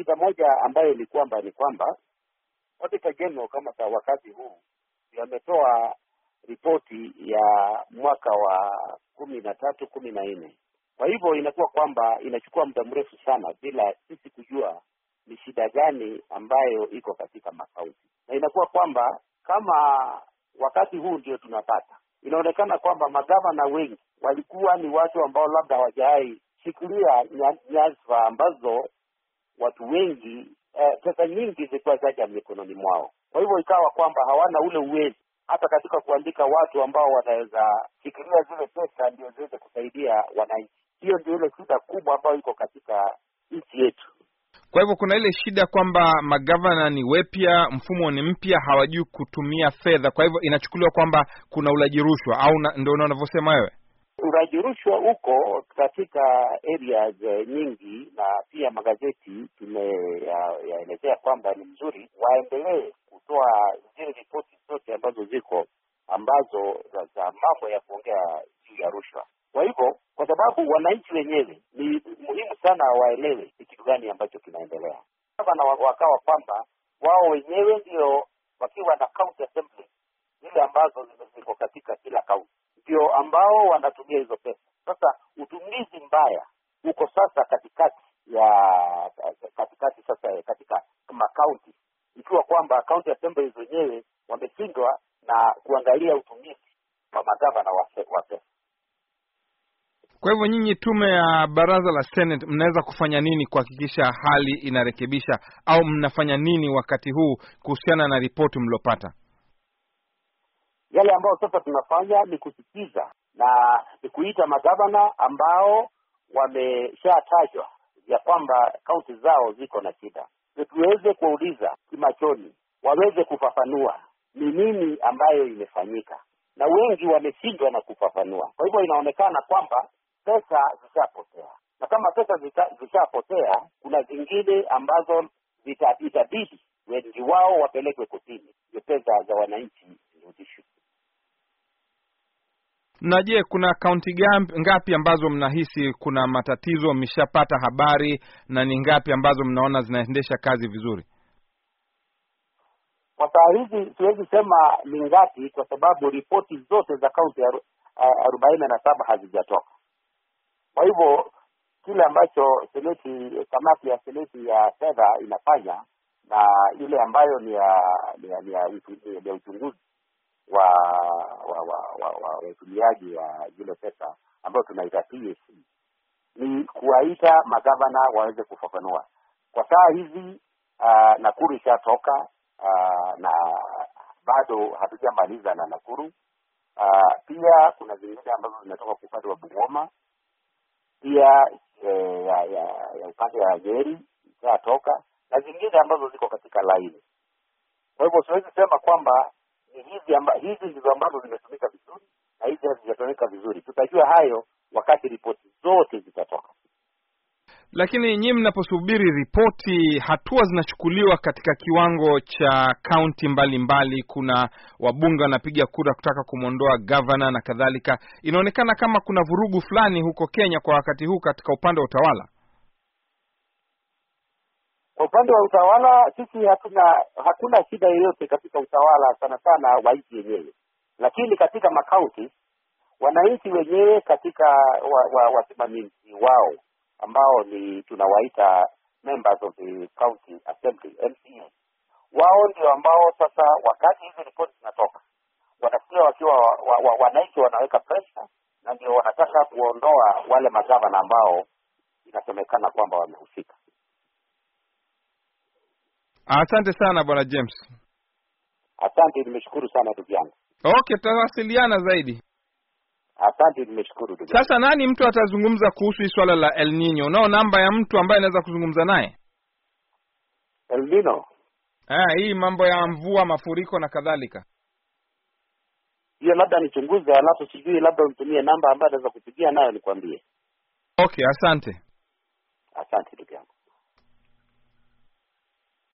Shida moja ambayo ni kwamba ni kwamba Auditor General kama kwa wakati huu yametoa ripoti ya mwaka wa kumi na tatu kumi na nne. Kwa hivyo inakuwa kwamba inachukua muda mrefu sana bila sisi kujua ni shida gani ambayo iko katika makaunti, na inakuwa kwamba kama wakati huu ndio tunapata, inaonekana kwamba magavana wengi walikuwa ni watu ambao labda hawajawahi shikilia nyasfa ambazo watu wengi eh, pesa eh, nyingi zilikuwa zaja mikononi mwao. Kwa hivyo ikawa kwamba hawana ule uwezo hata katika kuandika watu ambao wanaweza fikiria zile pesa ndio ziweze kusaidia wananchi. Hiyo ndio ile shida kubwa ambayo iko katika nchi yetu. Kwa hivyo kuna ile shida kwamba magavana ni wepya, mfumo ni mpya, hawajui kutumia fedha. Kwa hivyo inachukuliwa kwamba kuna ulaji rushwa, au ndio unavyosema wewe? uraji rushwa huko katika areas eh, nyingi, na pia magazeti tumeyaelezea kwamba ni mzuri, waendelee kutoa zile ripoti zote ambazo ziko ambazo za mambo ya kuongea juu ya rushwa. Kwa hivyo, kwa sababu wananchi wenyewe ni muhimu sana waelewe ni kitu gani ambacho kinaendelea, na wakawa kwamba wao wenyewe ndio wakiwa na county assembly zile ambazo ziko katika kila kaunti ndio ambao wanatumia hizo pesa. Sasa utumizi mbaya uko sasa katikati ya katikati sasa katika makaunti, ikiwa kwamba kaunti assemblies zenyewe wameshindwa na kuangalia utumizi wa magavana wa pesa. Kwa hivyo nyinyi, tume ya baraza la Senate, mnaweza kufanya nini kuhakikisha hali inarekebisha, au mnafanya nini wakati huu kuhusiana na ripoti mliopata? Yale ambayo sasa tunafanya ni kusikiza na ni kuita magavana ambao wameshatajwa ya kwamba kaunti zao ziko na shida, tuweze kuwauliza kimachoni, waweze kufafanua ni nini ambayo imefanyika, na wengi wameshindwa na kufafanua. Kwa hivyo inaonekana kwamba pesa zishapotea, na kama pesa zishapotea, kuna zingine ambazo itabidi wengi wao wapelekwe kotini, ndio pesa za wananchi Na je, kuna kaunti ngapi ambazo mnahisi kuna matatizo? Mmeshapata habari na ni ngapi ambazo mnaona zinaendesha kazi vizuri? Kwa saa hizi siwezi sema ni ngapi, kwa sababu ripoti zote za kaunti arobaini na saba hazijatoka. Kwa hivyo kile ambacho seneti, kamati ya seneti ya fedha inafanya na ile ambayo ni ya uchunguzi wa wazuliaji wa, wa, pesa ambayo tunaita PAC ni kuwaita magavana waweze kufafanua kwa saa hizi. Uh, Nakuru ishatoka uh, na bado hatujamaliza na Nakuru. Uh, pia kuna zingine ambazo zimetoka kwa upande wa Bungoma pia eh, ya, ya, ya upande wa Nyeri ishatoka na zingine ambazo ziko katika laini. Kwa hivyo siwezi sema kwamba ni hizi amba, hizi ndizo ambazo zimetumika vizuri na hizi hazijatumika vizuri. Tutajua hayo wakati ripoti zote zitatoka. Lakini nyinyi mnaposubiri ripoti, hatua zinachukuliwa katika kiwango cha kaunti mbalimbali. Kuna wabunge wanapiga kura kutaka kumwondoa gavana na kadhalika. Inaonekana kama kuna vurugu fulani huko Kenya kwa wakati huu katika upande wa utawala. Kwa upande wa utawala, sisi hatuna hakuna shida yoyote katika utawala, sana sana wa nchi yenyewe, lakini katika makaunti wananchi wenyewe katika wasimamizi wa, wa wao ambao ni tunawaita members of the county assembly MCA, wao ndio ambao sasa, wakati hizi ripoti zinatoka, wanasikia wakiwa wa, wa, wananchi wanaweka pressure, na ndio wanataka kuondoa wale magavana ambao inasemekana kwamba wamehusika. Asante sana bwana James. Asante, nimeshukuru sana ndugu yangu. Okay, tutawasiliana zaidi. Asante, nimeshukuru ndugu. Sasa nani mtu atazungumza kuhusu hii swala la El Nino? Unao namba ya mtu ambaye anaweza kuzungumza naye El Nino? Ah, hii mambo ya mvua, mafuriko na kadhalika, hiyo labda nichunguze, alafu sijui, labda unitumie namba ambayo anaweza kupigia nayo nikwambie. Okay, asante, asante ndugu yangu.